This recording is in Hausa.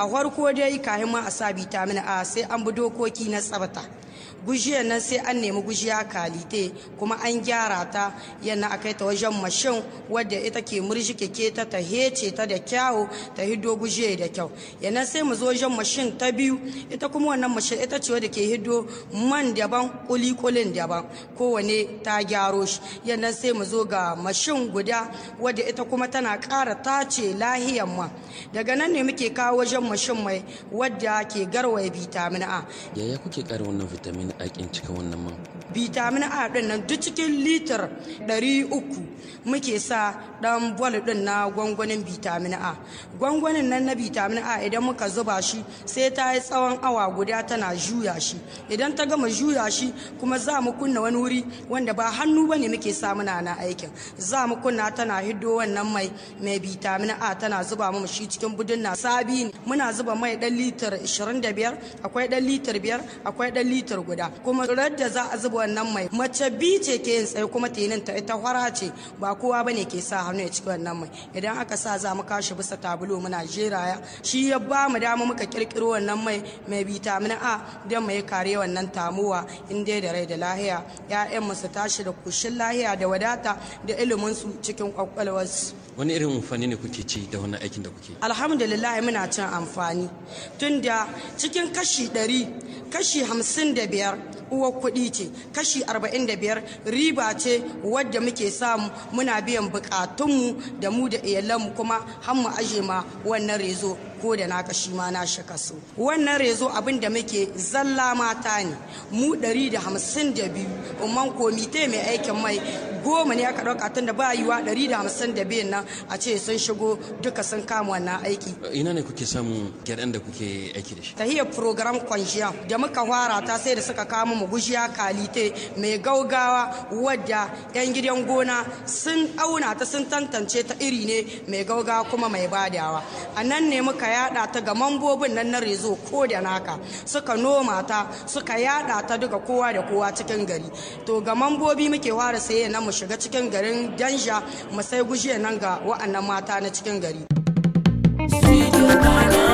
a farko dai kayan ma a sa bitamin a sai an bi dokoki na tsabta gujiyar nan sai an nemi gujiya kalite kuma an gyara ta yana kai ta wajen mashin wadda ita ke murji keke ta ta hece ta da kyawu ta hiddo gujiya da kyau yana sai mu zo wajen mashin ta biyu ita kuma wannan mashin ita ce wadda ke hiddo man daban kulikulin daban kowane ta gyaro shi yana sai mu zo ga mashin guda wadda ita kuma tana ta tace lahiyan ma daga nan ne muke kawo wajen mashin mai wadda ke garwaye bitamin a yaya kuke kara wannan vitamin vitamin A kin cikin wannan man vitamin A din nan duk cikin litar uku muke sa ɗan bol din na gwangwanin vitamin A gwangwanin nan na vitamin A idan muka zuba shi sai ta yi tsawon awa guda tana juya shi idan ta gama juya shi kuma za mu kunna wani wuri wanda ba hannu ba ne muke sa muna na aikin za mu kunna tana hiddo wannan mai mai vitamin A tana zuba mu shi cikin budin na sabi muna zuba mai dan litar 25 akwai dan litar 5 akwai dan litar litir guda kuma tsirar da za a zuba wannan mai mace bi ce ke yin tsaye kuma ta nan ta ita fara ce ba kowa bane ke sa hannu ya ci wannan mai idan aka sa za mu kashi bisa tabulo muna jeraya shi ya ba mu dama muka kirkiro wannan mai mai vitamin A don mai kare wannan tamuwa in dai da rai da lahiya ya'yan mu su tashi da kushin lahiya da wadata da ilimin su cikin su. wani irin amfani ne kuke ci da wannan aikin da kuke alhamdulillah muna cin amfani tunda cikin kashi 100 kashi 55这边。uwar kuɗi ce kashi 45 riba ce wadda muke samu muna biyan bukatunmu da mu da iyalanmu kuma hamma aje ma wannan rezo ko da na kashi ma na shi kaso wannan rezo abin da muke zalla mata ne mu 152 umman komite mai aikin mai goma ne aka ɗauka tun da ba yiwa 152 nan a ce sun shigo duka sun kama wannan aiki ina ne kuke samun gyaɗan da kuke aiki da shi hiyar program kwanciya da muka fara ta sai da suka kama mu gushiya kalite mai gaugawa wadda 'yan gidan gona sun auna ta sun tantance ta iri ne mai gaugawa kuma mai badawa a nan ne muka yada ta ga mambobin nan na rezo ko da naka suka noma ta suka yada ta duka kowa da kowa cikin gari to ga mambobi muke ware saye na mu shiga cikin garin danja mu sai gushiya nan ga wa'annan mata na cikin gari. Studio